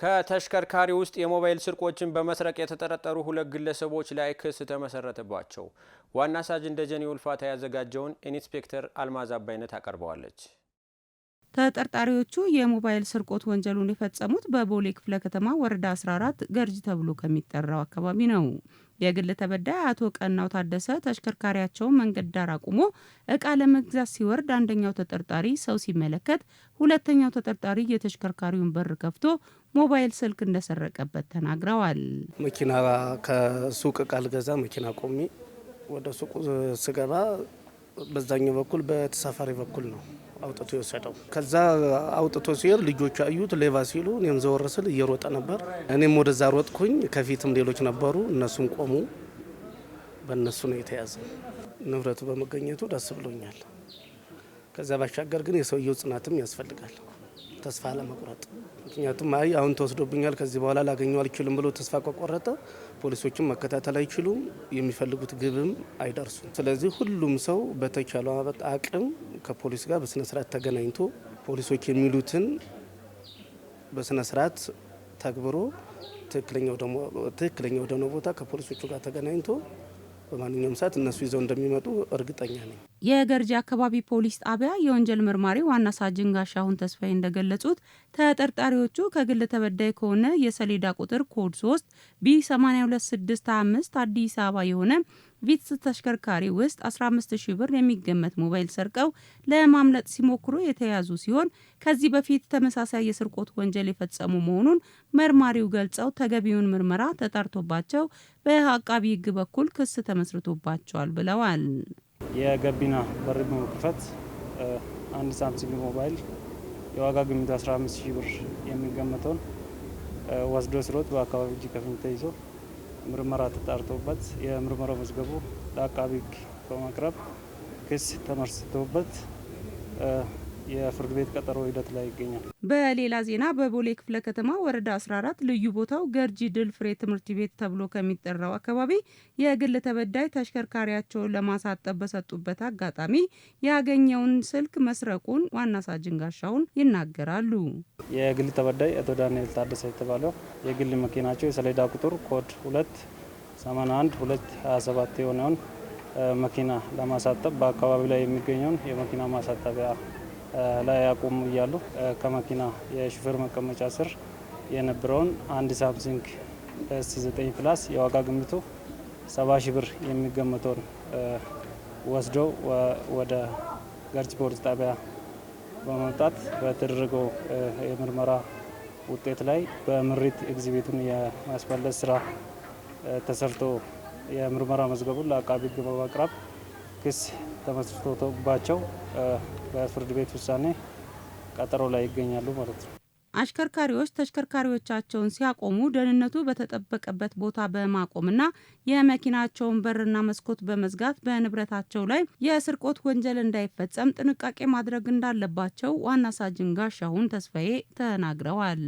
ከተሽከርካሪ ውስጥ የሞባይል ስርቆችን በመስረቅ የተጠረጠሩ ሁለት ግለሰቦች ላይ ክስ ተመሰረተባቸው። ዋና ሳጅን ደጀኔ ውልፋታ ያዘጋጀውን ኢንስፔክተር አልማዝ አባይነት አቀርበዋለች። ተጠርጣሪዎቹ የሞባይል ስርቆት ወንጀሉን የፈጸሙት በቦሌ ክፍለ ከተማ ወረዳ 14 ገርጅ ተብሎ ከሚጠራው አካባቢ ነው። የግል ተበዳይ አቶ ቀናው ታደሰ ተሽከርካሪያቸውን መንገድ ዳር አቁሞ እቃ ለመግዛት ሲወርድ አንደኛው ተጠርጣሪ ሰው ሲመለከት፣ ሁለተኛው ተጠርጣሪ የተሽከርካሪውን በር ከፍቶ ሞባይል ስልክ እንደሰረቀበት ተናግረዋል። መኪና ከሱቅ እቃ ልገዛ መኪና ቆሜ ወደ ሱቁ ስገባ በዛኛው በኩል በተሳፋሪ በኩል ነው አውጥቶ የወሰደው። ከዛ አውጥቶ ሲሄድ ልጆቹ አዩት ሌባ ሲሉ፣ እኔም ዘወር ስል እየሮጠ ነበር። እኔም ወደዛ ሮጥኩኝ። ከፊትም ሌሎች ነበሩ፣ እነሱም ቆሙ። በእነሱ ነው የተያዘ። ንብረቱ በመገኘቱ ደስ ብሎኛል። ከዛ ባሻገር ግን የሰውየው ጽናትም ያስፈልጋል። ተስፋ ለመቁረጥ ምክንያቱም አይ አሁን ተወስዶብኛል ከዚህ በኋላ ላገኘው አልችልም ብሎ ተስፋ ከቆረጠ ፖሊሶችም መከታተል አይችሉም፣ የሚፈልጉት ግብም አይደርሱም። ስለዚህ ሁሉም ሰው በተቻለ አቅም ከፖሊስ ጋር በስነስርዓት ተገናኝቶ ፖሊሶች የሚሉትን በስነስርዓት ተግብሮ ትክክለኛ ወደሆነ ቦታ ከፖሊሶቹ ጋር ተገናኝቶ በማንኛውም ሰዓት እነሱ ይዘው እንደሚመጡ እርግጠኛ ነኝ። የገርጂ አካባቢ ፖሊስ ጣቢያ የወንጀል መርማሪ ዋና ሳጅን ጋሻሁን ተስፋዬ እንደገለጹት ተጠርጣሪዎቹ ከግል ተበዳይ ከሆነ የሰሌዳ ቁጥር ኮድ 3 ቢ 8265 አዲስ አበባ የሆነ ቪትስ ተሽከርካሪ ውስጥ 15000 ብር የሚገመት ሞባይል ሰርቀው ለማምለጥ ሲሞክሩ የተያዙ ሲሆን ከዚህ በፊት ተመሳሳይ የስርቆት ወንጀል የፈጸሙ መሆኑን መርማሪው ገልጸው ተገቢውን ምርመራ ተጣርቶባቸው በአቃቢ ሕግ በኩል ክስ ተመስርቶባቸዋል ብለዋል። የገቢና በር መክፈት አንድ ሳምሰንግ ሞባይል የዋጋ ግምት 15000 ብር የሚገመተውን ወስዶ ስሮት በአካባቢ እጅ ከፍንጅ ተይዞ ምርመራ ተጣርቶበት የምርመራው መዝገቡ ለአቃቢ ሕግ በማቅረብ ክስ ተመስርቶበት የፍርድ ቤት ቀጠሮ ሂደት ላይ ይገኛል። በሌላ ዜና በቦሌ ክፍለ ከተማ ወረዳ 14 ልዩ ቦታው ገርጂ ድል ፍሬ ትምህርት ቤት ተብሎ ከሚጠራው አካባቢ የግል ተበዳይ ተሽከርካሪያቸውን ለማሳጠብ በሰጡበት አጋጣሚ ያገኘውን ስልክ መስረቁን ዋና ሳጅን ጋሻውን ይናገራሉ። የግል ተበዳይ አቶ ዳንኤል ታደሰ የተባለው የግል መኪናቸው የሰሌዳ ቁጥር ኮድ 2 81 227 የሆነውን መኪና ለማሳጠብ በአካባቢ ላይ የሚገኘውን የመኪና ማሳጠቢያ ላይ ያቆሙ እያሉ ከመኪና የሹፌር መቀመጫ ስር የነበረውን አንድ ሳምሲንግ ኤስ 9 ፕላስ የዋጋ ግምቱ 70 ሺ ብር የሚገመተውን ወስደው ወደ ገርጂ ፖሊስ ጣቢያ በመምጣት በተደረገው የምርመራ ውጤት ላይ በምሪት ኤግዚቢቱን የማስመለስ ስራ ተሰርቶ የምርመራ መዝገቡን ለአቃቢ ሕግ በማቅረብ ክስ ተመስርቶባቸው በፍርድ ቤት ውሳኔ ቀጠሮ ላይ ይገኛሉ ማለት ነው። አሽከርካሪዎች ተሽከርካሪዎቻቸውን ሲያቆሙ ደህንነቱ በተጠበቀበት ቦታ በማቆምና የመኪናቸውን በርና መስኮት በመዝጋት በንብረታቸው ላይ የስርቆት ወንጀል እንዳይፈጸም ጥንቃቄ ማድረግ እንዳለባቸው ዋና ሳጅን ጋሻሁን ተስፋዬ ተናግረዋል።